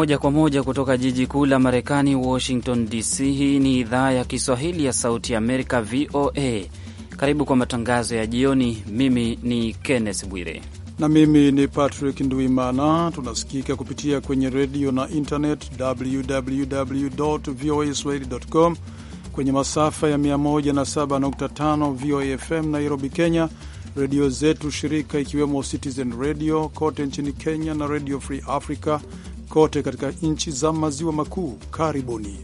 Moja kwa moja kutoka jiji kuu la Marekani, Washington DC. Hii ni idhaa ya Kiswahili ya Sauti ya Amerika, VOA. Karibu kwa matangazo ya jioni. Mimi ni Kenneth Bwire na mimi ni Patrick Nduimana. Tunasikika kupitia kwenye redio na internet, www voa swahili.com, kwenye masafa ya 107.5 VOA FM Nairobi, Kenya, redio zetu shirika ikiwemo Citizen Radio kote nchini Kenya na Radio Free Africa kote katika nchi za maziwa makuu. Karibuni.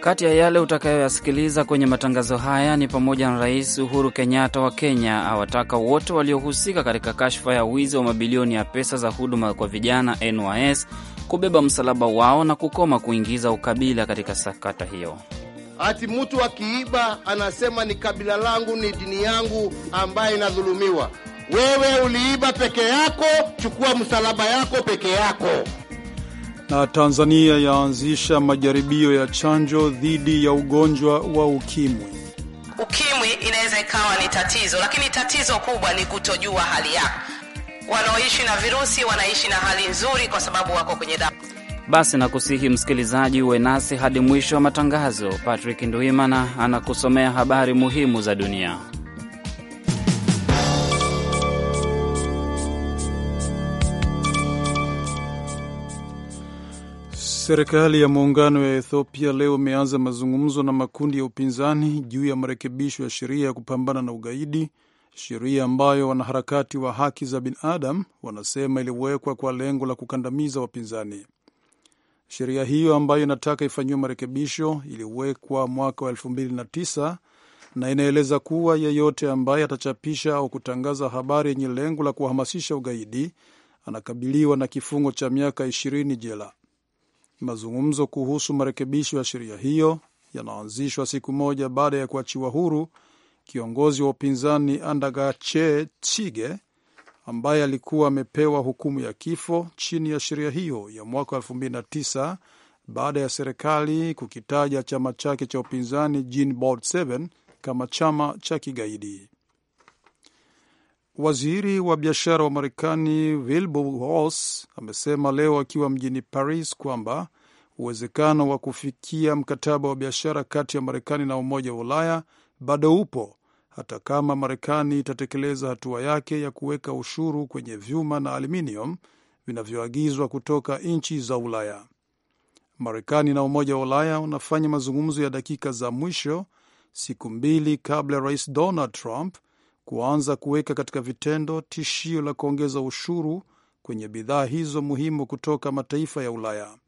Kati ya yale utakayoyasikiliza kwenye matangazo haya ni pamoja na Rais Uhuru Kenyatta wa Kenya awataka wote waliohusika katika kashfa ya wizi wa mabilioni ya pesa za huduma kwa vijana NYS kubeba msalaba wao na kukoma kuingiza ukabila katika sakata hiyo. Ati mtu akiiba anasema ni kabila langu, ni dini yangu ambaye inadhulumiwa. Wewe uliiba peke yako, chukua msalaba yako peke yako. Na Tanzania yaanzisha majaribio ya chanjo dhidi ya ugonjwa wa ukimwi. Ukimwi inaweza ikawa ni tatizo, lakini tatizo kubwa ni kutojua hali yako. Wanaoishi na virusi wanaishi na hali nzuri kwa sababu wako kwenye dawa basi nakusihi msikilizaji, uwe nasi hadi mwisho wa matangazo. Patrick Nduimana anakusomea habari muhimu za dunia. Serikali ya muungano ya Ethiopia leo imeanza mazungumzo na makundi ya upinzani juu ya marekebisho ya sheria ya kupambana na ugaidi, sheria ambayo wanaharakati wa haki za binadamu wanasema iliwekwa kwa lengo la kukandamiza wapinzani. Sheria hiyo ambayo inataka ifanyiwe marekebisho iliwekwa mwaka wa mbili na inaeleza kuwa yeyote ambaye atachapisha au kutangaza habari yenye lengo la kuhamasisha ugaidi anakabiliwa na kifungo cha miaka ishirini jela. Mazungumzo kuhusu marekebisho ya sheria hiyo yanaanzishwa siku moja baada ya kuachiwa huru kiongozi wa upinzani Andagache Chige ambaye alikuwa amepewa hukumu ya kifo chini ya sheria hiyo ya mwaka 2009 baada ya serikali kukitaja chama chake cha upinzani Jean Bold 7 kama chama cha kigaidi. Waziri wa biashara wa Marekani Wilbur Ross amesema leo akiwa mjini Paris kwamba uwezekano wa kufikia mkataba wa biashara kati ya Marekani na Umoja wa Ulaya bado upo hata kama Marekani itatekeleza hatua yake ya kuweka ushuru kwenye vyuma na aluminium vinavyoagizwa kutoka nchi za Ulaya. Marekani na Umoja wa Ulaya unafanya mazungumzo ya dakika za mwisho siku mbili kabla ya Rais Donald Trump kuanza kuweka katika vitendo tishio la kuongeza ushuru kwenye bidhaa hizo muhimu kutoka mataifa ya Ulaya.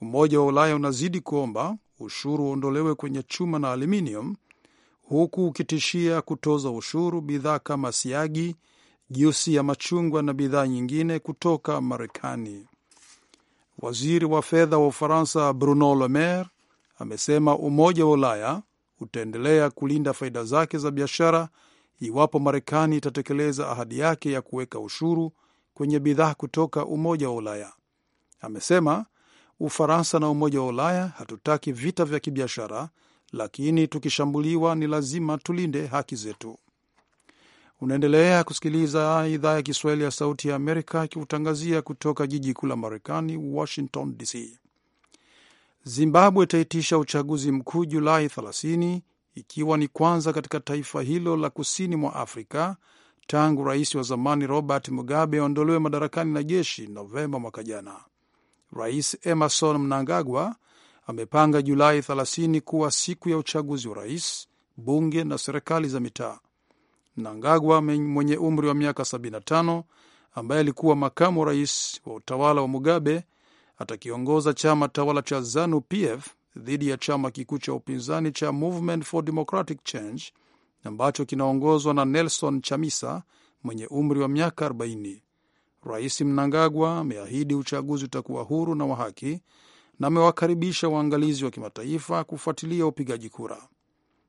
Umoja wa Ulaya unazidi kuomba ushuru uondolewe kwenye chuma na aluminium huku ukitishia kutoza ushuru bidhaa kama siagi, jusi ya machungwa na bidhaa nyingine kutoka Marekani. Waziri wa fedha wa Ufaransa Bruno Le Maire amesema Umoja wa Ulaya utaendelea kulinda faida zake za biashara iwapo Marekani itatekeleza ahadi yake ya kuweka ushuru kwenye bidhaa kutoka Umoja wa Ulaya. Amesema Ufaransa na Umoja wa Ulaya hatutaki vita vya kibiashara lakini tukishambuliwa ni lazima tulinde haki zetu. Unaendelea kusikiliza idhaa ya Kiswahili ya Sauti ya Amerika ikikutangazia kutoka jiji kuu la Marekani, Washington DC. Zimbabwe itaitisha uchaguzi mkuu Julai 30 ikiwa ni kwanza katika taifa hilo la kusini mwa Afrika tangu rais wa zamani Robert Mugabe aondolewe madarakani na jeshi Novemba mwaka jana. Rais Emerson Mnangagwa amepanga Julai 30 kuwa siku ya uchaguzi wa rais, bunge na serikali za mitaa. Mnangagwa mwenye umri wa miaka 75 ambaye alikuwa makamu rais wa utawala wa Mugabe atakiongoza chama tawala cha ZANU PF dhidi ya chama kikuu cha upinzani cha Movement for Democratic Change ambacho kinaongozwa na Nelson Chamisa mwenye umri wa miaka 40. Rais Mnangagwa ameahidi uchaguzi utakuwa huru na wa haki na amewakaribisha waangalizi wa kimataifa kufuatilia upigaji kura.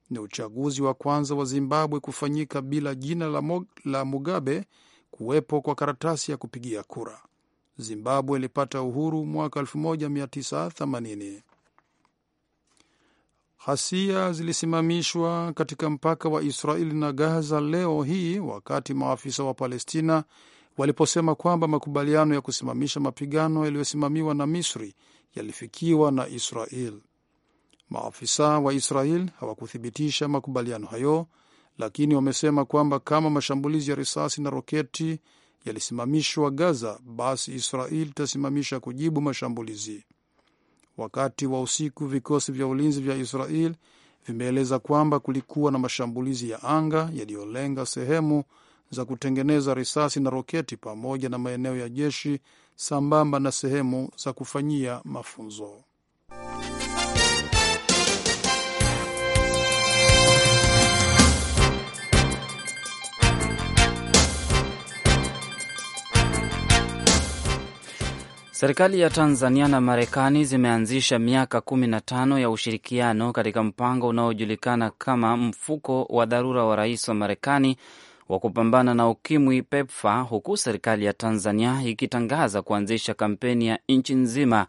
Ni uchaguzi wa kwanza wa Zimbabwe kufanyika bila jina la Mugabe kuwepo kwa karatasi ya kupigia kura. Zimbabwe ilipata uhuru mwaka 1980. Ghasia zilisimamishwa katika mpaka wa Israeli na Gaza leo hii wakati maafisa wa Palestina waliposema kwamba makubaliano ya kusimamisha mapigano yaliyosimamiwa na Misri yalifikiwa na Israel. Maafisa wa Israel hawakuthibitisha makubaliano hayo, lakini wamesema kwamba kama mashambulizi ya risasi na roketi yalisimamishwa Gaza, basi Israel itasimamisha kujibu mashambulizi. Wakati wa usiku, vikosi vya ulinzi vya Israel vimeeleza kwamba kulikuwa na mashambulizi ya anga yaliyolenga sehemu za kutengeneza risasi na roketi pamoja na maeneo ya jeshi sambamba na sehemu za kufanyia mafunzo. Serikali ya Tanzania na Marekani zimeanzisha miaka 15 ya ushirikiano katika mpango unaojulikana kama mfuko wa dharura wa rais wa Marekani wa kupambana na ukimwi PEPFA, huku serikali ya Tanzania ikitangaza kuanzisha kampeni ya nchi nzima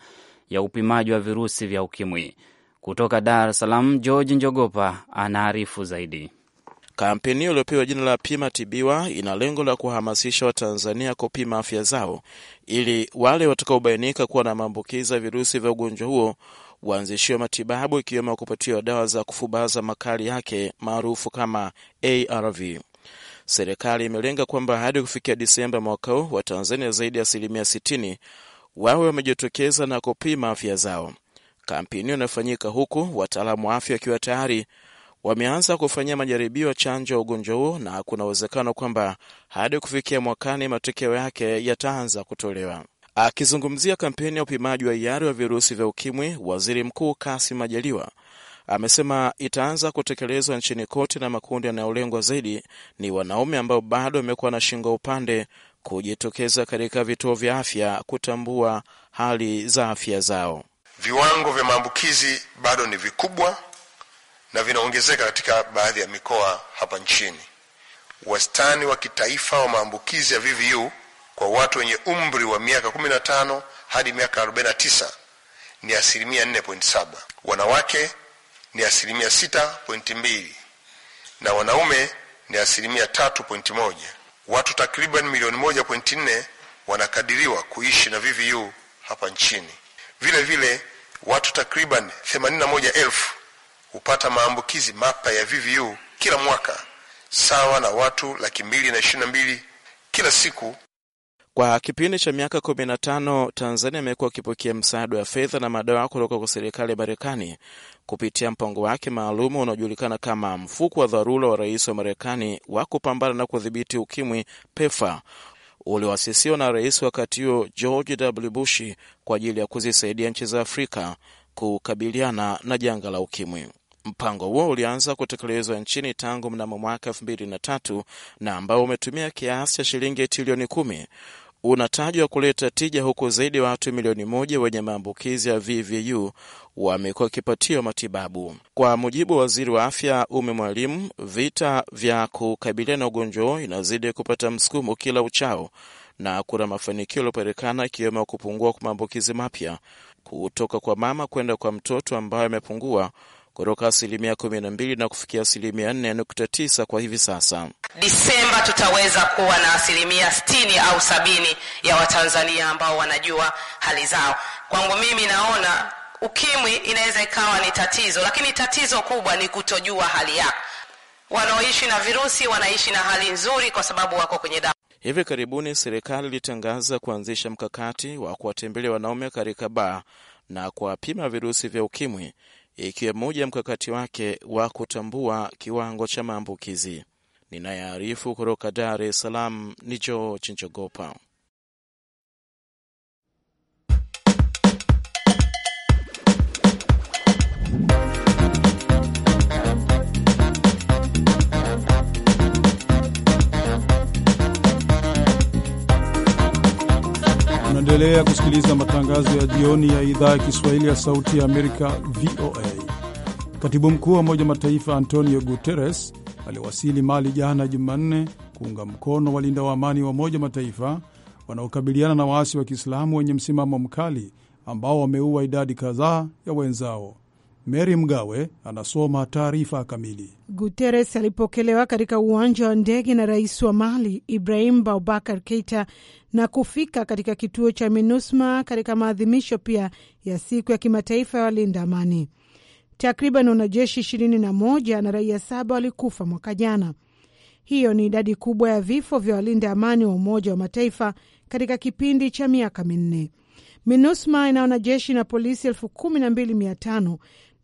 ya upimaji wa virusi vya ukimwi. Kutoka Dar es Salaam, George Njogopa anaarifu zaidi. Kampeni hiyo iliyopewa jina la Pima Tibiwa ina lengo la kuhamasisha Watanzania kupima afya zao ili wale watakaobainika kuwa na maambukiza virusi vya ugonjwa huo waanzishiwe matibabu ikiwemo kupatiwa dawa za kufubaza makali yake maarufu kama ARV serikali imelenga kwamba hadi kufikia Disemba mwaka huu Watanzania zaidi ya asilimia 60 wawe wamejitokeza na kupima afya zao. Kampeni inafanyika huku wataalamu wa afya wakiwa tayari wameanza kufanyia majaribio ya chanjo ya ugonjwa huo, na kuna uwezekano kwamba hadi kufikia mwakani matokeo yake yataanza kutolewa. Akizungumzia kampeni ya upimaji wa hiari wa virusi vya ukimwi, waziri mkuu Kassim Majaliwa amesema itaanza kutekelezwa nchini kote, na makundi yanayolengwa zaidi ni wanaume ambao bado wamekuwa na shingo upande kujitokeza katika vituo vya afya kutambua hali za afya zao. Viwango vya maambukizi bado ni vikubwa na vinaongezeka katika baadhi ya mikoa hapa nchini. Wastani wa kitaifa wa maambukizi ya VVU kwa watu wenye umri wa miaka 15 hadi miaka 49 ni asilimia 4.7. Wanawake ni asilimia 6.2 na wanaume ni asilimia 3.1. Watu takriban milioni 1.4 wanakadiriwa kuishi na VVU hapa nchini. Vile vile watu takriban 81,000 hupata maambukizi mapya ya VVU kila mwaka, sawa na watu laki mbili na ishirini na mbili kila siku. Kwa kipindi cha miaka 15 Tanzania imekuwa ikipokea msaada wa fedha na madawa kutoka kwa serikali ya Marekani kupitia mpango wake maalum unaojulikana kama mfuko wa dharura wa rais wa Marekani wa kupambana na kudhibiti ukimwi, pefa ulioasisiwa na rais wakati huo George W. Bush kwa ajili ya kuzisaidia nchi za Afrika kukabiliana na janga la ukimwi. Mpango huo ulianza kutekelezwa nchini tangu mnamo mwaka elfu mbili na tatu na ambao umetumia kiasi cha shilingi trilioni kumi unatajwa kuleta tija, huku zaidi ya watu milioni moja wenye maambukizi ya VVU wamekuwa wakipatiwa matibabu. Kwa mujibu wa waziri wa afya ume Mwalimu, vita vya kukabiliana na ugonjwa huo inazidi kupata msukumo kila uchao, na kuna mafanikio yaliyopatikana ikiwemo kupungua kwa maambukizi mapya kutoka kwa mama kwenda kwa mtoto ambayo amepungua kutoka asilimia 12 na kufikia asilimia 4.9 kwa hivi sasa. Disemba tutaweza kuwa na asilimia 60 au sabini ya Watanzania ambao wanajua hali zao. Kwangu mimi naona ukimwi inaweza ikawa ni tatizo, lakini tatizo kubwa ni kutojua hali yako. Wanaoishi na virusi wanaishi na hali nzuri kwa sababu wako kwenye dawa. Hivi karibuni serikali ilitangaza kuanzisha mkakati wa kuwatembelea wanaume katika baa na kuwapima virusi vya ukimwi ikiwa moja mkakati wake wa kutambua kiwango cha maambukizi. Ninayearifu kutoka Dar es Salaam ni Joe Chinchogopa. Unaendelea kusikiliza matangazo ya jioni ya idhaa ya Kiswahili ya Sauti ya Amerika, VOA. Katibu mkuu wa Umoja Mataifa Antonio Guterres aliwasili Mali jana Jumanne kuunga mkono walinda wa amani wa Umoja Mataifa wanaokabiliana na waasi wa Kiislamu wenye msimamo mkali ambao wameua idadi kadhaa ya wenzao. Mary Mgawe anasoma taarifa kamili. Guterres alipokelewa katika uwanja wa ndege na rais wa Mali Ibrahim baubakar Keita na kufika katika kituo cha MINUSMA katika maadhimisho pia ya siku ya kimataifa ya walinda amani. Takriban wanajeshi ishirini na moja na raia saba walikufa mwaka jana. Hiyo ni idadi kubwa ya vifo vya walinda amani wa Umoja wa Mataifa katika kipindi cha miaka minne. MINUSMA ina wanajeshi na polisi elfu kumi na mbili mia tano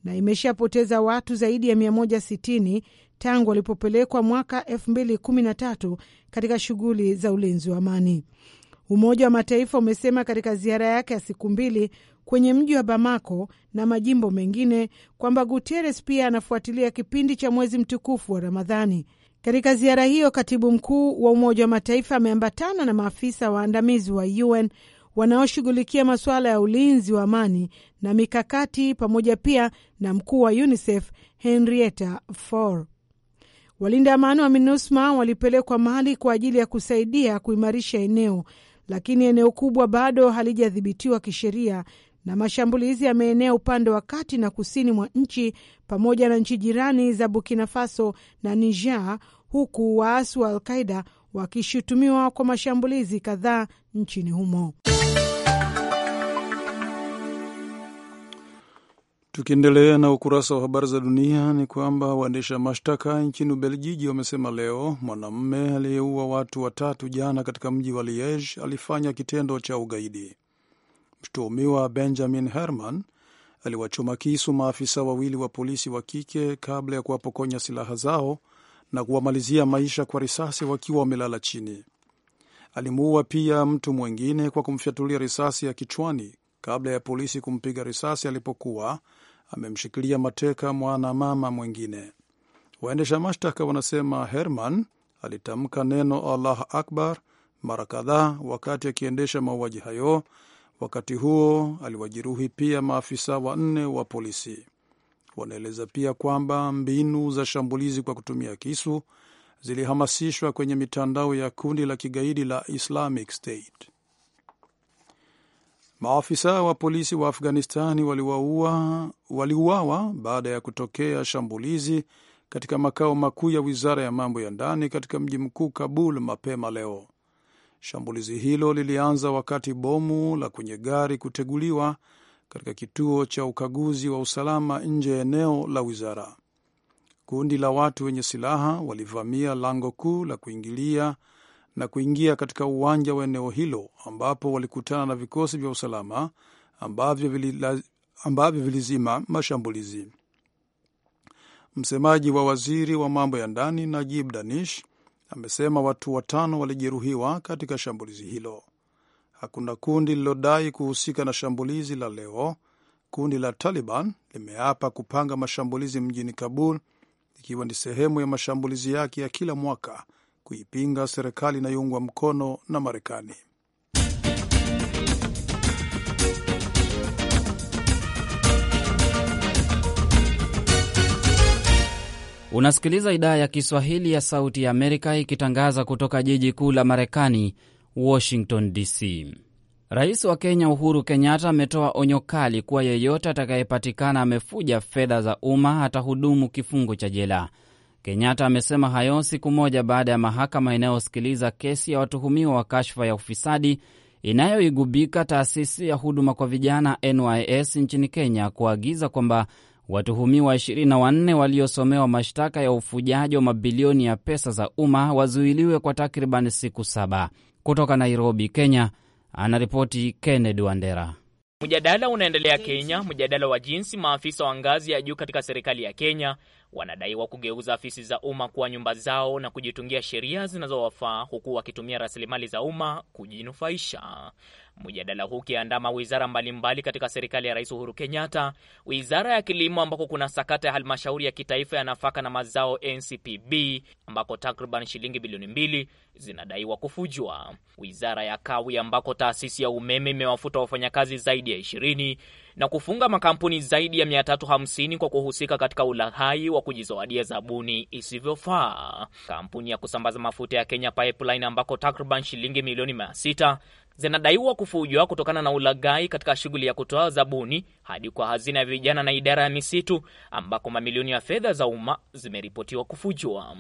na imeshapoteza watu zaidi ya 160 tangu walipopelekwa mwaka 2013 katika shughuli za ulinzi wa amani. Umoja wa Mataifa umesema katika ziara yake ya siku mbili kwenye mji wa Bamako na majimbo mengine kwamba Guterres pia anafuatilia kipindi cha mwezi mtukufu wa Ramadhani. Katika ziara hiyo, katibu mkuu wa Umoja wa Mataifa ameambatana na maafisa waandamizi wa UN wanaoshughulikia masuala ya ulinzi wa amani na mikakati, pamoja pia na mkuu wa UNICEF Henrietta Fore. Walinda amani wa MINUSMA walipelekwa Mali kwa ajili ya kusaidia kuimarisha eneo, lakini eneo kubwa bado halijadhibitiwa kisheria na mashambulizi yameenea upande wa kati na kusini mwa nchi pamoja na nchi jirani za Burkina Faso na Niger, huku waasi wa Alqaida wakishutumiwa kwa mashambulizi kadhaa nchini humo. Tukiendelea na ukurasa wa habari za dunia ni kwamba waendesha mashtaka nchini Ubelgiji wamesema leo mwanamume aliyeua watu watatu jana katika mji wa Liege alifanya kitendo cha ugaidi. Mtuhumiwa Benjamin Herman aliwachoma kisu maafisa wawili wa polisi wa kike kabla ya kuwapokonya silaha zao na kuwamalizia maisha kwa risasi wakiwa wamelala chini. Alimuua pia mtu mwingine kwa kumfyatulia risasi ya kichwani kabla ya polisi kumpiga risasi alipokuwa amemshikilia mateka mwanamama mwingine. Waendesha mashtaka wanasema Herman alitamka neno Allah akbar mara kadhaa wakati akiendesha mauaji hayo. Wakati huo aliwajeruhi pia maafisa wanne wa polisi. Wanaeleza pia kwamba mbinu za shambulizi kwa kutumia kisu zilihamasishwa kwenye mitandao ya kundi la kigaidi la Islamic State. Maafisa wa polisi wa Afghanistani waliuawa wali baada ya kutokea shambulizi katika makao makuu ya wizara ya mambo ya ndani katika mji mkuu Kabul mapema leo. Shambulizi hilo lilianza wakati bomu la kwenye gari kuteguliwa katika kituo cha ukaguzi wa usalama nje ya eneo la wizara. Kundi la watu wenye silaha walivamia lango kuu la kuingilia na kuingia katika uwanja wa eneo hilo ambapo walikutana na vikosi vya usalama ambavyo vilizima ambavyo vili mashambulizi. Msemaji wa waziri wa mambo ya ndani Najib Danish amesema watu watano walijeruhiwa katika shambulizi hilo. Hakuna kundi lililodai kuhusika na shambulizi la leo. Kundi la Taliban limeapa kupanga mashambulizi mjini Kabul, ikiwa ni sehemu ya mashambulizi yake ya kila mwaka kuipinga serikali inayoungwa mkono na Marekani. Unasikiliza idhaa ya Kiswahili ya Sauti ya Amerika ikitangaza kutoka jiji kuu la Marekani, Washington DC. Rais wa Kenya Uhuru Kenyatta ametoa onyo kali kuwa yeyote atakayepatikana amefuja fedha za umma atahudumu kifungo cha jela. Kenyatta amesema hayo siku moja baada ya mahakama inayosikiliza kesi ya watuhumiwa wa kashfa ya ufisadi inayoigubika taasisi ya huduma kwa vijana NYS nchini Kenya kuagiza kwamba watuhumiwa 24 waliosomewa mashtaka ya ufujaji wa mabilioni ya pesa za umma wazuiliwe kwa takriban siku saba. Kutoka Nairobi, Kenya, anaripoti Kennedy Wandera. Mjadala unaendelea Kenya, mjadala wa jinsi maafisa wa ngazi ya juu katika serikali ya Kenya wanadaiwa kugeuza afisi za umma kuwa nyumba zao na kujitungia sheria zinazowafaa huku wakitumia rasilimali za umma kujinufaisha. Mjadala huu ukiandama wizara mbalimbali katika serikali ya Rais Uhuru Kenyatta, wizara ya kilimo, ambako kuna sakata ya halmashauri ya kitaifa ya nafaka na mazao NCPB, ambako takriban shilingi bilioni mbili zinadaiwa kufujwa, wizara ya kawi, ambako taasisi ya umeme imewafuta wafanyakazi zaidi ya 20 na kufunga makampuni zaidi ya 350 kwa kuhusika katika ulahai wa kujizawadia zabuni isivyofaa, kampuni ya kusambaza mafuta ya Kenya Pipeline ambako takriban shilingi milioni mia sita zinadaiwa kufujwa kutokana na ulaghai katika shughuli ya kutoa zabuni hadi kwa hazina ya vijana na idara ya misitu ambako mamilioni ya fedha za umma zimeripotiwa kufujwa,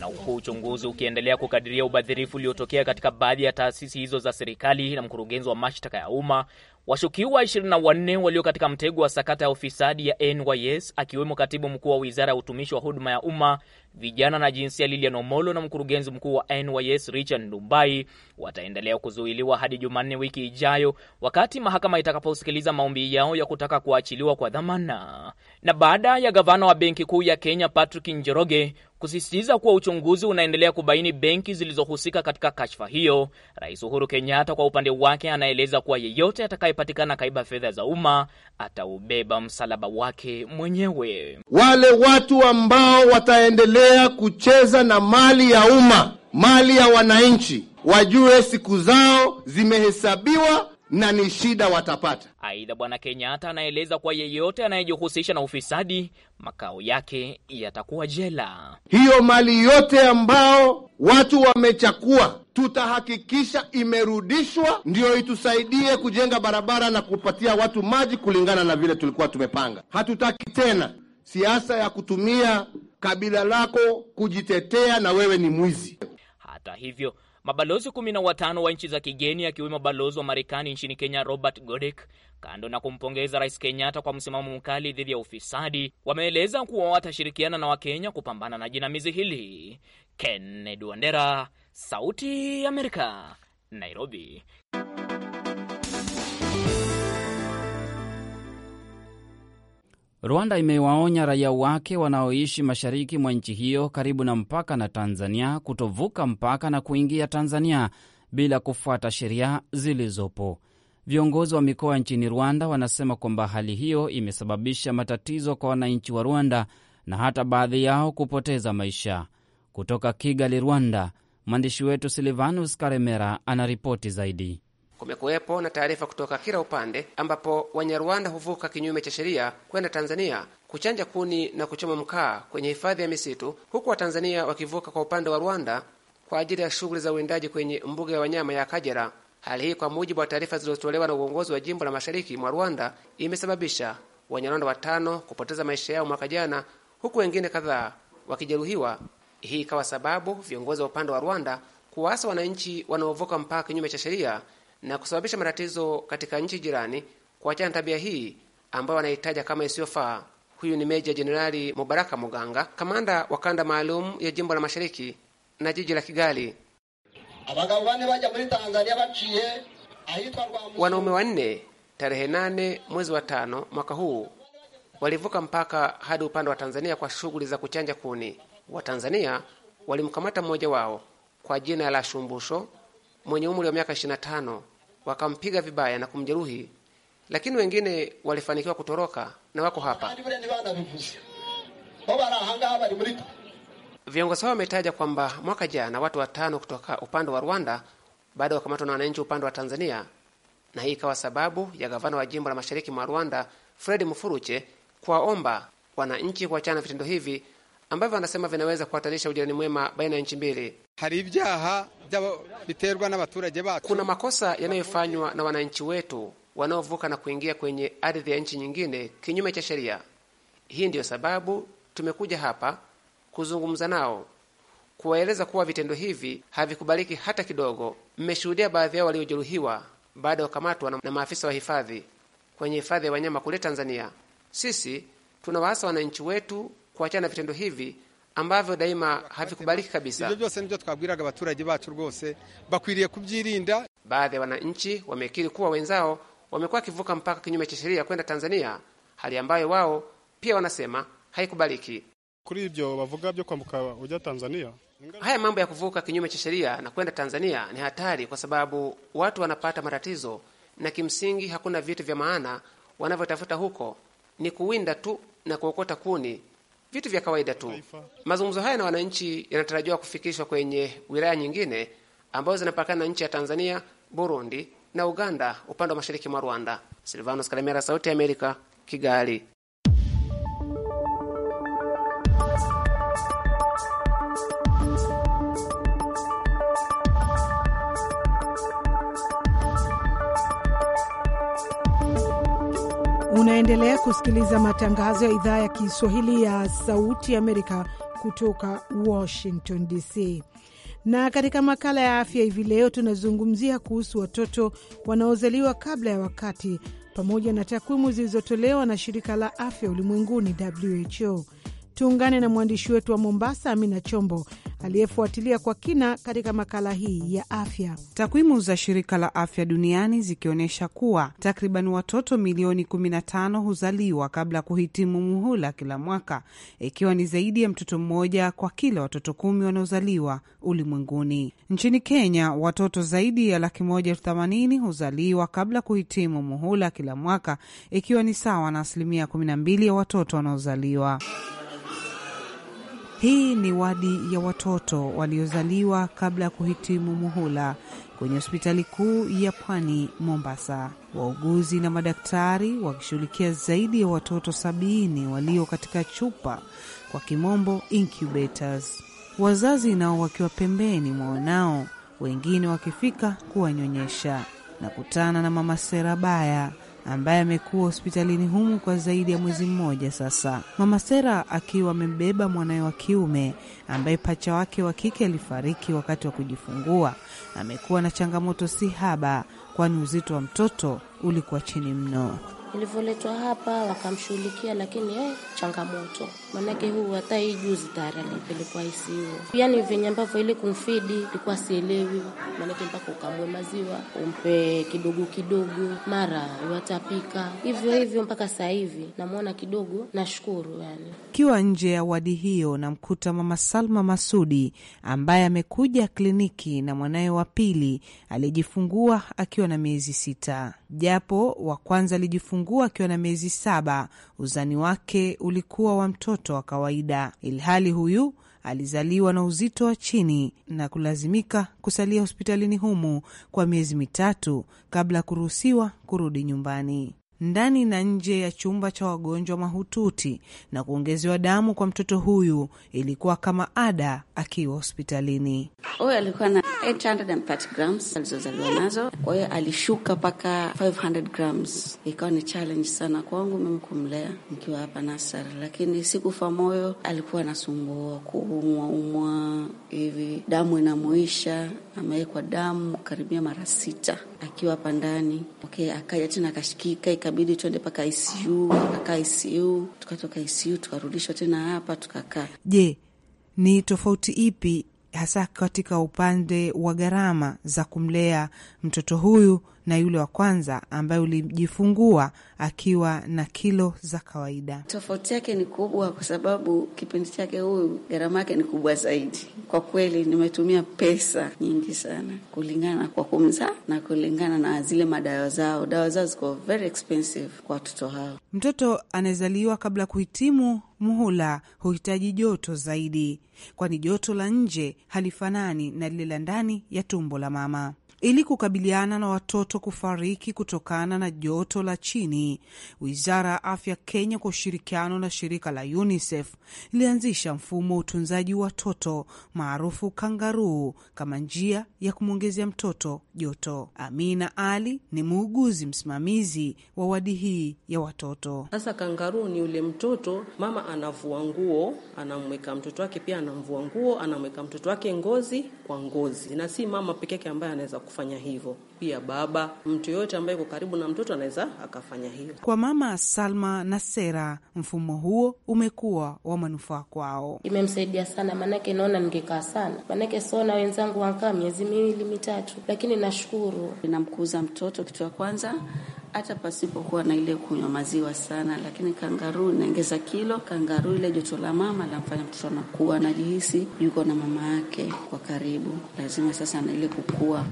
na huku uchunguzi ukiendelea kukadiria ubadhirifu uliotokea katika baadhi ya taasisi hizo za serikali na mkurugenzi wa mashtaka ya umma Washukiwa 24 walio katika mtego wa sakata ya ufisadi ya NYS akiwemo katibu mkuu wa wizara ya utumishi wa huduma ya umma vijana na jinsia Lilian Omolo na mkurugenzi mkuu wa NYS Richard Ndumbai wataendelea kuzuiliwa hadi Jumanne wiki ijayo, wakati mahakama itakaposikiliza maombi yao ya kutaka kuachiliwa kwa dhamana. Na baada ya gavana wa benki kuu ya Kenya Patrick Njoroge kusisitiza kuwa uchunguzi unaendelea kubaini benki zilizohusika katika kashfa hiyo. Rais Uhuru Kenyatta kwa upande wake anaeleza kuwa yeyote atakayepatikana kaiba fedha za umma ataubeba msalaba wake mwenyewe. Wale watu ambao wataendelea kucheza na mali ya umma, mali ya wananchi, wajue siku zao zimehesabiwa na ni shida watapata. Aidha, Bwana Kenyatta anaeleza kuwa yeyote anayejihusisha na ufisadi makao yake yatakuwa jela. Hiyo mali yote ambao watu wamechakua tutahakikisha imerudishwa, ndiyo itusaidie kujenga barabara na kupatia watu maji kulingana na vile tulikuwa tumepanga. Hatutaki tena siasa ya kutumia kabila lako kujitetea na wewe ni mwizi. Hata hivyo Mabalozi kumi na watano wa nchi za kigeni akiwemo balozi wa Marekani nchini Kenya Robert Godek, kando na kumpongeza Rais Kenyatta kwa msimamo mkali dhidi ya ufisadi, wameeleza kuwa watashirikiana na Wakenya kupambana na jinamizi hili. Kennedy Wandera, Sauti ya Amerika, Nairobi. Rwanda imewaonya raia wake wanaoishi mashariki mwa nchi hiyo karibu na mpaka na Tanzania kutovuka mpaka na kuingia Tanzania bila kufuata sheria zilizopo. Viongozi wa mikoa nchini Rwanda wanasema kwamba hali hiyo imesababisha matatizo kwa wananchi wa Rwanda na hata baadhi yao kupoteza maisha. Kutoka Kigali, Rwanda, mwandishi wetu Silvanus Karemera anaripoti zaidi kumekuwepo na taarifa kutoka kila upande ambapo Wanyarwanda huvuka kinyume cha sheria kwenda Tanzania kuchanja kuni na kuchoma mkaa kwenye hifadhi ya misitu, huku Watanzania wakivuka kwa upande wa Rwanda kwa ajili ya shughuli za uwindaji kwenye mbuga ya wanyama ya Kagera. Hali hii kwa mujibu wa taarifa zilizotolewa na uongozi wa jimbo la mashariki mwa Rwanda imesababisha Wanyarwanda watano kupoteza maisha yao mwaka jana, huku wengine kadhaa wakijeruhiwa. Hii ikawa sababu viongozi wa upande wa Rwanda kuwaasa wananchi wanaovuka mpaka kinyume cha sheria na kusababisha matatizo katika nchi jirani kuachana tabia hii ambayo wanaitaja kama isiyofaa. Huyu ni Meja Jenerali Mubaraka Muganga, kamanda wa kanda maalum ya jimbo la mashariki na jiji la Kigali. Wanaume wanne tarehe nane mwezi wa tano mwaka huu walivuka mpaka hadi upande wa Tanzania kwa shughuli za kuchanja kuni. Watanzania walimkamata mmoja wao kwa jina la Shumbusho mwenye umri wa miaka tano wakampiga vibaya na kumjeruhi, lakini wengine walifanikiwa kutoroka na wako hapa. Viongozi hao wametaja kwamba mwaka jana watu watano kutoka upande wa Rwanda baada ya wakamatwa na wananchi upande wa Tanzania, na hii ikawa sababu ya gavana wa jimbo la mashariki mwa Rwanda Fred Mfuruche kuwaomba wananchi kuachana vitendo hivi ambavyo anasema vinaweza kuhatarisha ujirani mwema baina ya nchi mbili. Kuna makosa yanayofanywa na wananchi wetu wanaovuka na kuingia kwenye ardhi ya nchi nyingine kinyume cha sheria. Hii ndiyo sababu tumekuja hapa kuzungumza nao, kuwaeleza kuwa vitendo hivi havikubaliki hata kidogo. Mmeshuhudia baadhi yao waliojeruhiwa baada ya kukamatwa na maafisa wa hifadhi kwenye hifadhi ya wanyama kule Tanzania. Sisi tunawaasa wananchi wetu kuachana na vitendo hivi ambavyo daima havikubaliki kabisa. abaturage bacu rwose bakwiriye kubyirinda. Baadhi ya wananchi wamekiri kuwa wenzao wamekuwa wakivuka mpaka kinyume cha sheria kwenda Tanzania, hali ambayo wao pia wanasema haikubaliki. Kuri ibyo bavuga byo kwambuka uja Tanzania, haya mambo ya kuvuka kinyume cha sheria na kwenda Tanzania ni hatari, kwa sababu watu wanapata matatizo na kimsingi hakuna vitu vya maana wanavyotafuta huko, ni kuwinda tu na kuokota kuni vitu vya kawaida tu. Mazungumzo haya na wananchi yanatarajiwa kufikishwa kwenye wilaya nyingine ambazo zinapakana na nchi ya Tanzania, Burundi na Uganda upande wa mashariki mwa Rwanda. Silvanos Kalemera, Sauti ya Amerika, Kigali. Unaendelea kusikiliza matangazo ya idhaa ya Kiswahili ya Sauti Amerika kutoka Washington DC. Na katika makala ya afya hivi leo tunazungumzia kuhusu watoto wanaozaliwa kabla ya wakati pamoja na takwimu zilizotolewa na shirika la afya ulimwenguni WHO Tuungane na mwandishi wetu wa Mombasa, Amina Chombo, aliyefuatilia kwa kina katika makala hii ya afya. Takwimu za shirika la afya duniani zikionyesha kuwa takriban watoto milioni 15 huzaliwa kabla ya kuhitimu muhula kila mwaka, ikiwa ni zaidi ya mtoto mmoja kwa kila watoto kumi wanaozaliwa ulimwenguni. Nchini Kenya, watoto zaidi ya laki moja elfu themanini huzaliwa kabla kuhitimu muhula kila mwaka, ikiwa ni sawa na asilimia 12 ya watoto wanaozaliwa hii ni wadi ya watoto waliozaliwa kabla ya kuhitimu muhula kwenye hospitali kuu ya pwani Mombasa, wauguzi na madaktari wakishughulikia zaidi ya watoto sabini walio katika chupa, kwa kimombo incubators, wazazi nao wakiwa pembeni mwa wanao, wengine wakifika kuwanyonyesha na kutana na mama Serabaya ambaye amekuwa hospitalini humu kwa zaidi ya mwezi mmoja sasa. Mama Sera akiwa amembeba mwanaye wa kiume ambaye pacha wake wa kike alifariki wakati wa kujifungua, amekuwa na changamoto si haba, kwani uzito wa mtoto ulikuwa chini mno. Ilivyoletwa hapa wakamshughulikia, lakini eh, changamoto maanake, huu hata hii juzi tayari alipelekwa ICU. Yani venye ambavyo ili kumfidi ilikuwa sielewi, maanake mpaka ukamwe maziwa umpe kidogo kidogo, mara watapika hivyo hivyo mpaka saa hivi namwona kidogo, nashukuru yani. Kiwa nje ya wadi hiyo namkuta Mama Salma Masudi ambaye amekuja kliniki na mwanaye wa pili aliyejifungua akiwa na miezi sita, japo wa kwanza alijifungua alipojifungua akiwa na miezi saba, uzani wake ulikuwa wa mtoto wa kawaida, ilhali huyu alizaliwa na uzito wa chini na kulazimika kusalia hospitalini humu kwa miezi mitatu kabla ya kuruhusiwa kurudi nyumbani ndani na nje ya chumba cha wagonjwa mahututi na kuongezewa damu kwa mtoto huyu ilikuwa kama ada akiwa hospitalini. Huyo alikuwa na 830 grams alizozaliwa nazo, kwa hiyo alishuka mpaka 500 grams. Ikawa ni challenge sana kwangu mimi kumlea nikiwa hapa Nasar, lakini sikufa moyo. Alikuwa anasumbua kuumwa umwa hivi, damu inamuisha, amewekwa damu karibia mara sita akiwa hapa ndani. Okay, akaja tena akashikika, ikabidi tuende mpaka ICU, akakaa ICU, tukatoka ICU tukarudishwa tena hapa tukakaa. Je, ni tofauti ipi hasa katika upande wa gharama za kumlea mtoto huyu na yule wa kwanza ambaye ulijifungua akiwa na kilo za kawaida. Tofauti yake ni kubwa, kwa sababu kipindi chake huyu gharama yake ni kubwa zaidi. Kwa kweli nimetumia pesa nyingi sana kulingana kwa kumzaa na kulingana na zile madawa zao. Dawa zao ziko very expensive kwa watoto hao. Mtoto anayezaliwa kabla ya kuhitimu muhula huhitaji joto zaidi, kwani joto la nje halifanani na lile la ndani ya tumbo la mama ili kukabiliana na watoto kufariki kutokana na joto la chini. Wizara ya afya Kenya kwa ushirikiano na shirika la UNICEF ilianzisha mfumo wa utunzaji wa watoto maarufu kangaruu kama njia ya kumwongezea mtoto joto. Amina Ali ni muuguzi msimamizi wa wadi hii ya watoto. Sasa kangaruu ni ule mtoto, mama anavua nguo, anamweka mtoto wake, pia anamvua nguo, anamweka mtoto wake ngozi kwa ngozi, na si mama peke yake ambaye anaweza kufanya hivyo. Pia baba, mtu yoyote ambaye iko karibu na mtoto anaweza akafanya hivyo. Kwa Mama Salma na Sera, mfumo huo umekuwa wa manufaa kwao, imemsaidia sana maanake naona ningekaa sana maanake sona wenzangu wankaa miezi miwili mitatu, lakini nashukuru inamkuza mtoto kitu ya kwanza hata pasipokuwa na ile kunywa maziwa sana, lakini kangaruu inaongeza kilo. Kangaruu ile joto la mama lamfanya mtoto anakuwa anajihisi yuko na mama yake kwa karibu. Lazima sasa na ile kukua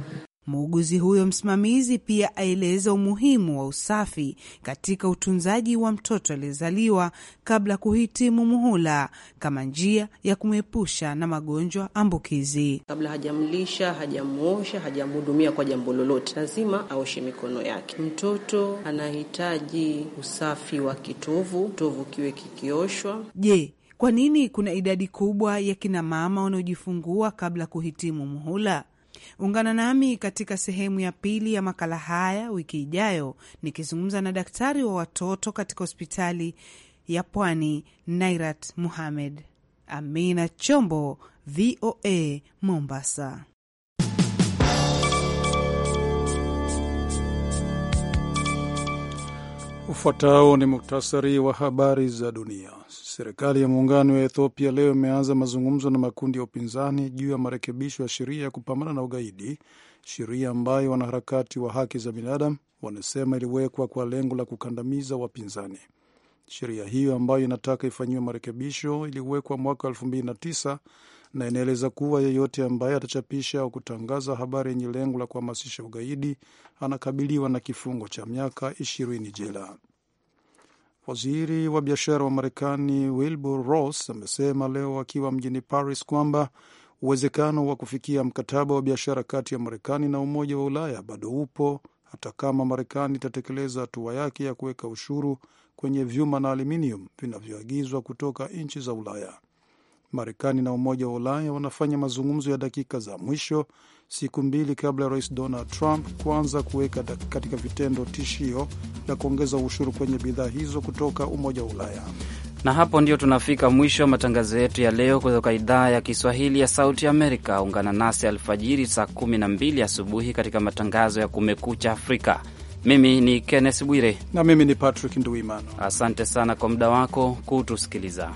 Muuguzi huyo msimamizi pia aeleza umuhimu wa usafi katika utunzaji wa mtoto aliyezaliwa kabla ya kuhitimu muhula kama njia ya kumwepusha na magonjwa ambukizi. Kabla hajamlisha, hajamwosha, hajamhudumia kwa jambo lolote, lazima aoshe mikono yake. Mtoto anahitaji usafi wa kitovu, kitovu kiwe kikioshwa. Je, kwa nini kuna idadi kubwa ya kinamama wanaojifungua kabla kuhitimu muhula? Ungana nami katika sehemu ya pili ya makala haya wiki ijayo, nikizungumza na daktari wa watoto katika hospitali ya Pwani, Nairat Muhamed. Amina Chombo, VOA Mombasa. Ufuatao ni muktasari wa habari za dunia. Serikali ya muungano ya Ethiopia leo imeanza mazungumzo na makundi ya upinzani juu ya marekebisho ya sheria ya kupambana na ugaidi, sheria ambayo wanaharakati wa haki za binadamu wanasema iliwekwa kwa lengo la kukandamiza wapinzani. Sheria hiyo ambayo inataka ifanyiwe marekebisho iliwekwa mwaka 2009 na inaeleza kuwa yeyote ambaye atachapisha au kutangaza habari yenye lengo la kuhamasisha ugaidi anakabiliwa na kifungo cha miaka ishirini jela. Waziri wa biashara wa Marekani Wilbur Ross amesema leo akiwa mjini Paris kwamba uwezekano wa kufikia mkataba wa biashara kati ya Marekani na Umoja wa Ulaya bado upo hata kama Marekani itatekeleza hatua yake ya kuweka ushuru kwenye vyuma na aluminium vinavyoagizwa kutoka nchi za Ulaya. Marekani na Umoja wa Ulaya wanafanya mazungumzo ya dakika za mwisho siku mbili kabla ya rais Donald Trump kuanza kuweka katika vitendo tishio la kuongeza ushuru kwenye bidhaa hizo kutoka Umoja wa Ulaya. Na hapo ndio tunafika mwisho wa matangazo yetu ya leo kutoka idhaa ya Kiswahili ya Sauti Amerika. Ungana nasi alfajiri saa 12 asubuhi katika matangazo ya Kumekucha Afrika. Mimi ni Kenneth Bwire na mimi ni Patrick Nduimana. Asante sana kwa muda wako kutusikiliza.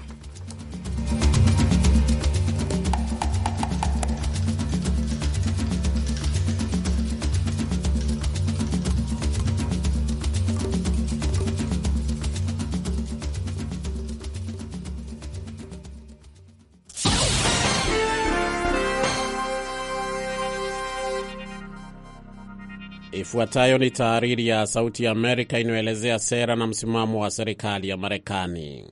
Ifuatayo ni taariri ya Sauti ya Amerika inayoelezea sera na msimamo wa serikali ya Marekani.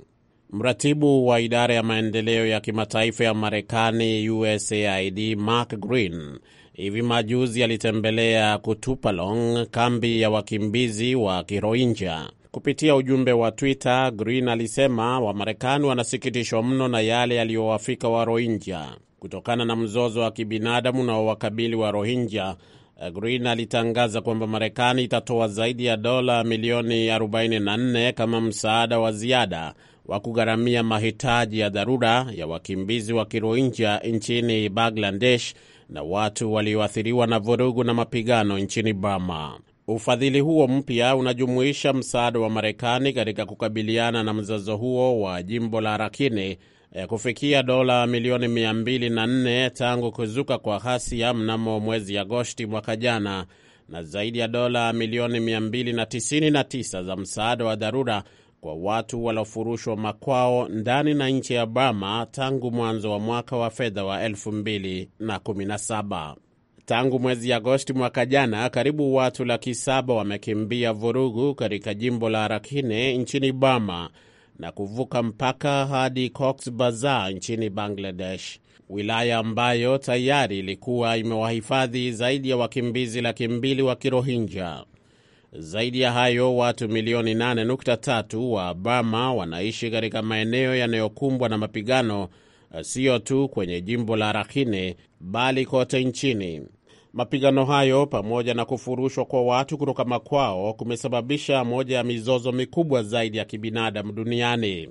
Mratibu wa idara ya maendeleo ya kimataifa ya Marekani, USAID, Mark Green hivi majuzi alitembelea Kutupalong, kambi ya wakimbizi wa Kirohinja. Kupitia ujumbe wa Twitter, Green alisema Wamarekani wanasikitishwa mno na yale yaliyowafika wa rohinja kutokana na mzozo wa kibinadamu na wakabili wa Rohinja Uh, Green alitangaza kwamba Marekani itatoa zaidi ya dola milioni 44 kama msaada wa ziada wa kugharamia mahitaji ya dharura ya wakimbizi wa kiroinja nchini Bangladesh na watu walioathiriwa na vurugu na mapigano nchini Burma. Ufadhili huo mpya unajumuisha msaada wa Marekani katika kukabiliana na mzozo huo wa jimbo la Rakhine Eh, kufikia dola milioni 204 tangu kuzuka kwa ghasia mnamo mwezi Agosti mwaka jana na zaidi ya dola milioni 299 za msaada wa dharura kwa watu waliofurushwa makwao ndani na nchi ya Burma tangu mwanzo wa mwaka wa fedha wa 2017. Tangu mwezi Agosti mwaka jana, karibu watu laki saba wamekimbia vurugu katika jimbo la Rakhine nchini Burma na kuvuka mpaka hadi Cox Bazar nchini Bangladesh, wilaya ambayo tayari ilikuwa imewahifadhi zaidi ya wakimbizi laki mbili wa Kirohinja. Zaidi ya hayo, watu milioni 8.3 wa Burma wanaishi katika maeneo yanayokumbwa na mapigano, eh, siyo tu kwenye jimbo la Rakhine bali kote nchini. Mapigano hayo pamoja na kufurushwa kwa watu kutoka makwao kumesababisha moja ya mizozo mikubwa zaidi ya kibinadamu duniani.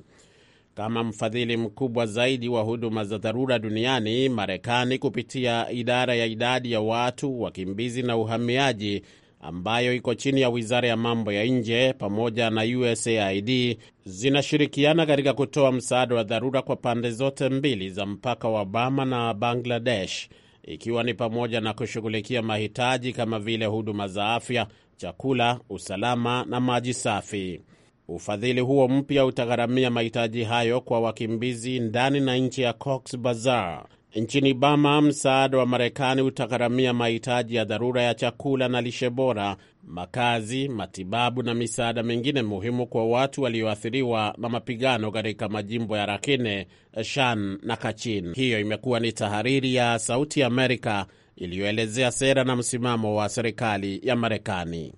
Kama mfadhili mkubwa zaidi wa huduma za dharura duniani, Marekani kupitia idara ya idadi ya watu, wakimbizi na uhamiaji ambayo iko chini ya wizara ya mambo ya nje pamoja na USAID zinashirikiana katika kutoa msaada wa dharura kwa pande zote mbili za mpaka wa Bama na Bangladesh ikiwa ni pamoja na kushughulikia mahitaji kama vile huduma za afya, chakula, usalama na maji safi. Ufadhili huo mpya utagharamia mahitaji hayo kwa wakimbizi ndani na nje ya Cox Bazar. Nchini Bama, msaada wa Marekani utagharamia mahitaji ya dharura ya chakula na lishe bora, makazi, matibabu na misaada mingine muhimu kwa watu walioathiriwa na mapigano katika majimbo ya Rakhine, Shan na Kachin. Hiyo imekuwa ni tahariri ya Sauti ya Amerika iliyoelezea sera na msimamo wa serikali ya Marekani.